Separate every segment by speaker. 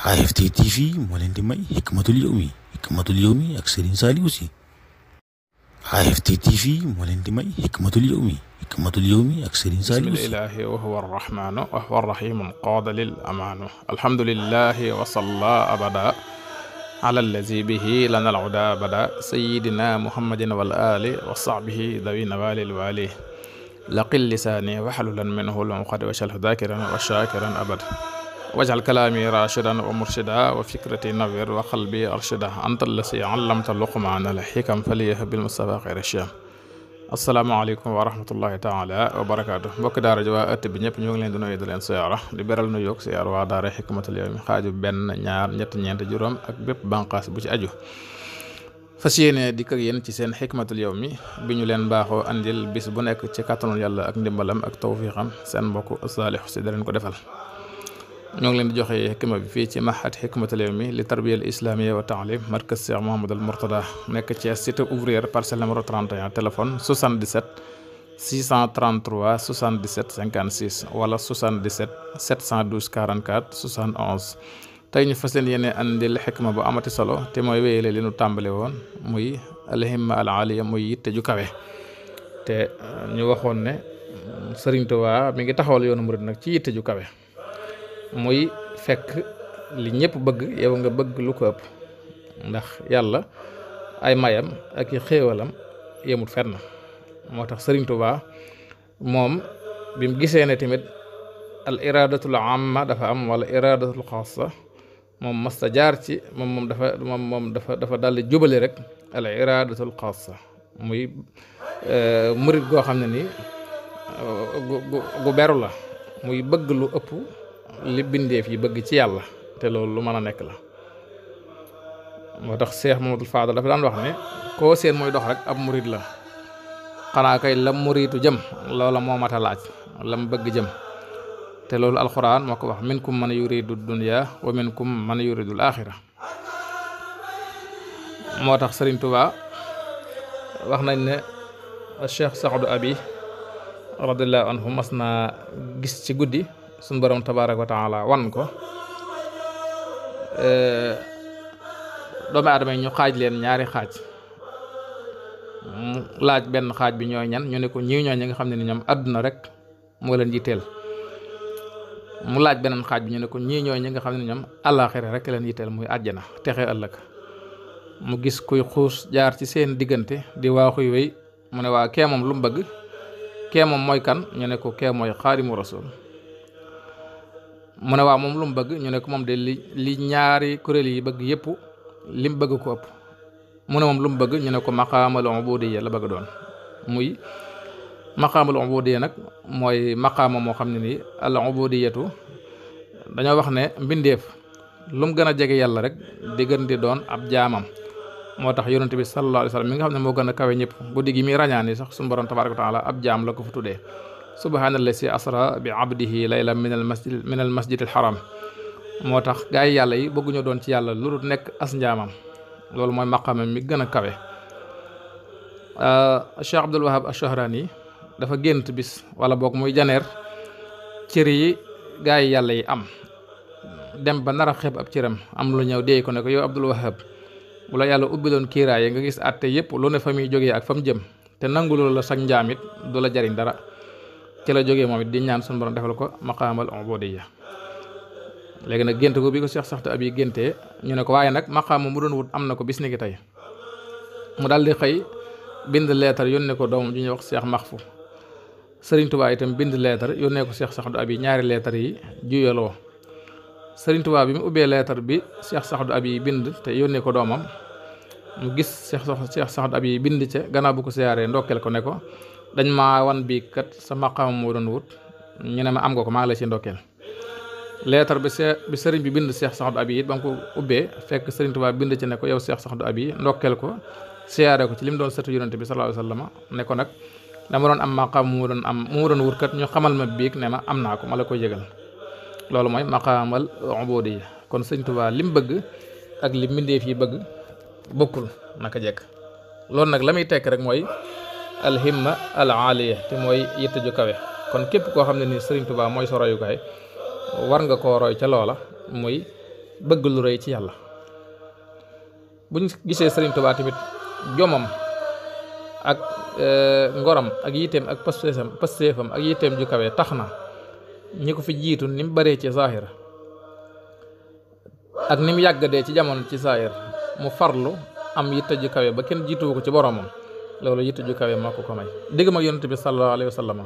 Speaker 1: AFT TV moo leen di may xikmatul yawmi xikmatul yawmi ak Serigne Saliou Sy AFT TV moo leen di may xikmatul yawmi xikmatul yawmi ak Serigne Saliou Sy bismillahi wa huwa arrahmanu wa huwa arrahimu qaada lil amaanu alhamdulillahi wa salla abada ala allazi bihi lana al-uda bada sayyidina muhammadin wal ali wa sahbihi dawi nawali wali laqil lisaani waxlulan minhu lmuqad wa shalhu dakiran wa shakiran abad wajal kalaami rashidan wa murshida wa fikrati nawir wa qalbi arshida anta allasi allamta luqmaana al xikam faliyah bil mustafa xayra shiyam asalaamaaleykum wa rahmatullahi taala wa barakaatu mbokki daara ji waa ëtt bi ñëpp ñu ngi leen di nuyu di leen siyaara di beral nu yoog siyaar waa daara xikmatul yawmi xaaju benn ñaar ñett ñeent juróom ak bépp banqaas bu ci aju fas yéene di kër yéen ci seen xikmatul mi bi ñu leen baaxoo andil bis bu nekk ci kàttanul yàlla ak ndimbalam ak tawfiixam seen mbokk saalix si ko defal ñoo ngi leen di joxe xikma bi fii ci maxat xikmatul yawmi li tarbiyal islamiyya wa taalim markaz Cheikh Mouhamadou al Mourtada nekk ci cité ouvrière parcelle numéro 31 téléphone 77 633 77 56 wala 77 712 44 71 tey ñu fa seen yéene andil xikma bu amati solo te mooy wéyale li nu tàmbali woon muy alhimma al aliya muy yitte ju kawe te euh, ñu waxoon ne Sëriñ waa mi ngi taxawal yoonu murid nag ci yitte ju kawe muy fekk li ñëpp bëgg yow nga bëgg lu ko ëpp ndax yàlla ay mayam ak i xéewalam yemut fenn moo tax Sëriñ moom bi mu gisee ne tamit al iradatul amma dafa am wala iradatul xaasa moom masta jaar ci moom moom dafa moom moom dafa dafa daldi jubale rek al iradatul sa muy e, murit goo xam ne nii gu gu beru la muy bëgg lu ëpp li bindeef yi bëgg ci yàlla te loolu lu mën a nekk la moo tax Seex Mamadul Faadal dafa daan wax ne koo seen muy dox rek ab murit la xanaa kay lam muritu jëm loola moo mat a laaj lam bëgg jëm te loolu alxuraan moo ko wax minkum man yuridu dunya wa minkum man yuridul axira moo tax Sëriñ Tuubaa wax nañ ne Cheikh Saxdu Abi radiyallahu anhu mas naa gis ci guddi suñu borom tabaaraka wa taala wan ko eh, doomu aadama yi ñu xaaj leen ñaari xaaj mu laaj benn xaaj bi ñooy ñan ñu ne ko ñii ñooy ñi nga xam ne ni ñoom àdduna rek moo leen yitteel mu laaj beneen xaaj bi ñu ne ñii ñooy ñi nga xam ñoom àllaaxira rek leen yitteel muy àjjana texe ëllëg mu gis kuy xuus jaar ci seen diggante di waaxuy wéy mu ne waa kee moom lu mu bëgg kee moom mooy kan ñu ne ko kee mooy xaadimu rasul mu ne waa moom lu mu bëgg ñu ne ko moom de li ñaari kuréel yi bëgg yëpp lim bëgg ko ëpp mu ne moom lu mu bëgg ñu ne ko maqaamal ubudiyya la bëgg doon muy maqaamal ubudiyya nag mooy maqaama moo xam ne nii al ubudiyatu dañoo wax ne mbindeef lu mu gën a jege yàlla rek di gën di doon ab jaamam moo tax yonent bi sallallahu alayhi wa sallam mi nga xam ne moo gën a kawe ñëpp bu digg mi ràññaan yi sax su borom tabaaraka wa taala ab jaam la ko fu tuddee subhaanallazi asra bi abdihi layla min al masjid min al masjid haram moo tax gaa yi yàlla yi bëgguñu doon ci yàlla lu dul nekk as njaamam loolu mooy maqamam mi gën a kawe euh, Cheikh Abdul Wahab Ash-Shahrani dafa gént bis wala boog muy janeer cër yi gaa yi yàlla yi am dem ba nara a xeeb ab cëram am lu ñëw dee ko ne ko Abdul Wahab bu la yàlla ubbi doon kiiraay nga gis àtte yépp lu ne fa muy jógee ak fa mu jëm te nanguloo la sag njaam du dara ci la jóge moom it di ñaan sunu borom defal ko maqaamal ubudiyya léegi nag gént ko bi ko Cheikh Saxte ab yi géntee ñu ne ko waaye nag maqaam mu doon wut am na ko bis ni tey mu daal di xëy bind leetar yónnee ko doomam ju ñuy wax Cheikh Maxfu Sëriñ itam bind leetar yónnee ko Cheikh Saxdu Abi ñaari leetar yi juyaloo Sëriñ bi mu ubbee leetar bi Cheikh Saxdu Abi bind te yónnee ko doomam mu gis Cheikh Cheikh Saxdu Abi bind ca gannaaw bu ko siyaaree ndokkeel ko ne ko dañ ma wan bi kat sa maqaama moo doon wut ñu ne ma am nga ko maa ngi la ci ndokkeel leetar bi see bi sëriñ bi bind Cheikh sax Abi it ba mu ko ubbee fekk sëriñ Tuubaa bind ci ne ko yow Cheikh Saxdu Abi ndokkeel ko siyaare ko ci li mu doon sëtu yonante bi sa la wasallam ne ko nag dama doon am maqaam mu am mu wut kat ñu xamal ma biig ne ma am naa ko ma la koy yëgal loolu mooy maqamal ubudiyya kon sëriñ Tuubaa li bëgg ak li mbindeef yi bëgg bokkul naka jekk loolu nag la muy tekk rek mooy alhimma al te mooy yitte ju kawe kon képp koo xam ne ni Sëriñ Tuubaa mooy sa royukaay war nga koo roy ca loola muy bëgg lu rëy ci yàlla buñ gisee Sëriñ Tuubaa tamit jomam ak euh, ngorom ak yitteem ak pasteefam pasteefam ak yitteem ju kawe tax na ñi ko fi jiitu ni mu baree ci zaahir ak ni mu yàgg dee ci jamono ci zaahir mu farlu am yitte ju kawe ba kenn jiituwu ko ci boromam loolu yitte ju kawe moo ko ko may digg mag yonent bi sallallahu alayhi wa sallam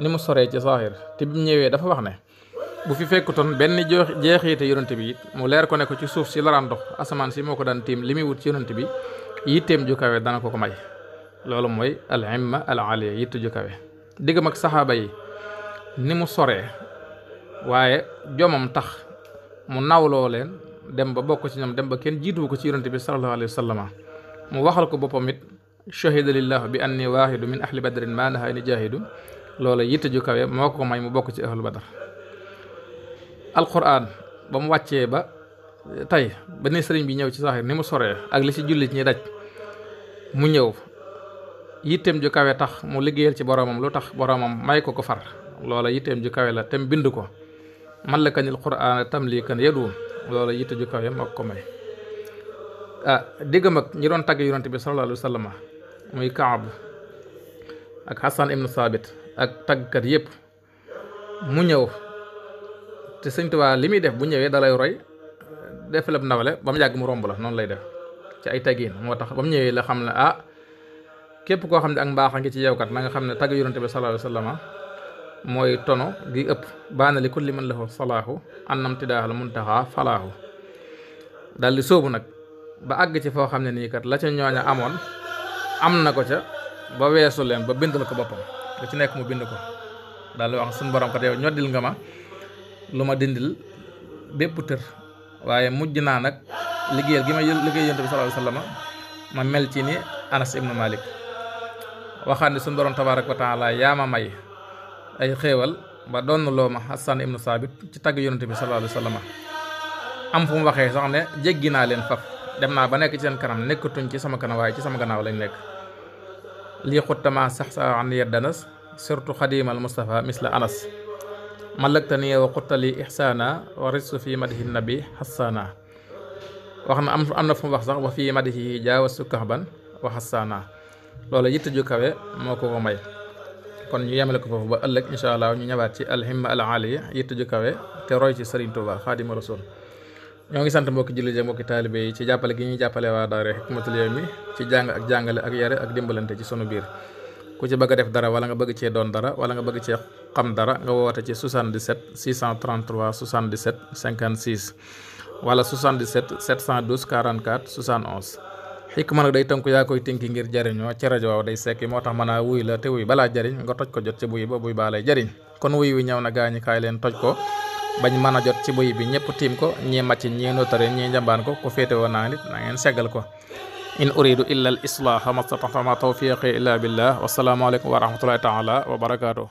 Speaker 1: ni mu soree ci saaxir te bi mu ñëwee dafa wax ne bu fi fekkutoon benn jox jeexiite yonent bi mu leer ne ko ci suuf si la daan dox si moo ko daan tiim li muy wut ci yonent bi yitteem ju dana ko ko may loolu mooy al imma al ju kawe digg mag saxaaba yi ni mu soree waaye jomam tax mu nawloo leen dem ba bokk ci ñoom dem ba kenn jiituwu ko ci yonent bi sallallahu alayhi mu waxal ko boppam it shahida lillah bi anni waahidu min ahli badrin maa nahaa ni jaahidu loola yitte ju kawe moo ko may mu bokk ci ahlu badar alquran ba mu wàccee ba tey ba ni sëriñ bi ñëw ci saaxir ni mu soree ak li ci jullit ñi daj mu ñëw yitteem ju kawe tax mu liggéeyal ci boromam lu tax boromam may ko ko far loola yitteem ju kawe la tem bind ko man la kañil quraan tam lii kan yadu loola yitte ju kawe moo ko may ah ñi doon tagg yonante bi sallallahu muy Kaab ak Hassan ibnu Saabit ak tàggkat yépp mu ñëw te Sëñ Tuubaa li muy def bu ñëwee dalay roy def la ndawale ba mu yàgg mu romb la noonu lay def ci ay taggiin moo tax ba mu ñëwee la xam ne ah képp koo xam ne ak mbaax a ngi ci yow kat nga xam ne tagg Yonent bi sallallaahu alayhi wa sallam mooy tono gi ëpp baana li kulli man lahu salaahu annam tidaaxal muntaxaa falaahu daldi sóobu nag ba àgg ci foo xam ne nii kat la ca ñooña amoon am na ko ca ba weesu leen ba bindal ko boppam lu ci nekk mu bind ko daal di wax suñu borom ko yow ñoddil nga ma lu ma dindil bépp tër waaye mujj naa nag liggéeyal gi ma liggéey yonent bi sallallahu alayhi ma mel ci ni Anas ibnu Malik waxaan ni suñu borom tabaaraka wa taala yaa ma may ay xéewal ba doon loo ma Hassan ibnu Saabit ci tagg yonent bi sallallahu alayhi wasallam am fu mu waxee sax ne jéggi naa leen faf dem naa ba nekk ci seen kanam nekkatuñ ci sama kanawaay waaye ci sama gannaaw lañ nekk lii xuttama sax sa an yedd anas surtout xadimal Moustapha misla anas malagtani wa xuttali ihsaana wa ristu fi madihi nabi xassaana wax na am am na fu mu wax sax wa fi madihi jaawastu kahban wa xassaana loolu yitt ju kawe moo ko ko may kon ñu yemale ko foofu ba ëllëg incha allah ñu ñawaat ci alhimma al aaliya yitt ju kawe te roy ci Serigne Touba xaadima rasul ñoo ngi sant mbokki jullit yi mbokki taalibe yi ci jàppale gi ñuy jàppale waa daara Hikmatul Yawmi ci jàng ak jàngale ak yare ak dimbalante ci sunu biir ku ci bëgg a def dara wala nga bëgg cee doon dara wala nga bëgg cee xam dara nga woote ci 77 633 77 56 wala 77 712 44 71 Hikma nag day tënku yaa koy tënki ngir jariñoo ci rajo waaw day sekki moo tax mën a wuy la te wuy balaa jariñ nga toj ko jot ci buy ba buy baa lay jariñ kon wuy wi kaay leen toj ko bañ mën a jot ci buy bi ñëpp tiim ko ñii màcc ñii notari ñii njambaan ko ku féete woon naa nit ngeen seggal ko in uridu illa ma islaaha mastata'tu ma tawfiqi illa billah wasalaamualeykum wa rahmatullahi taala wa barakaatu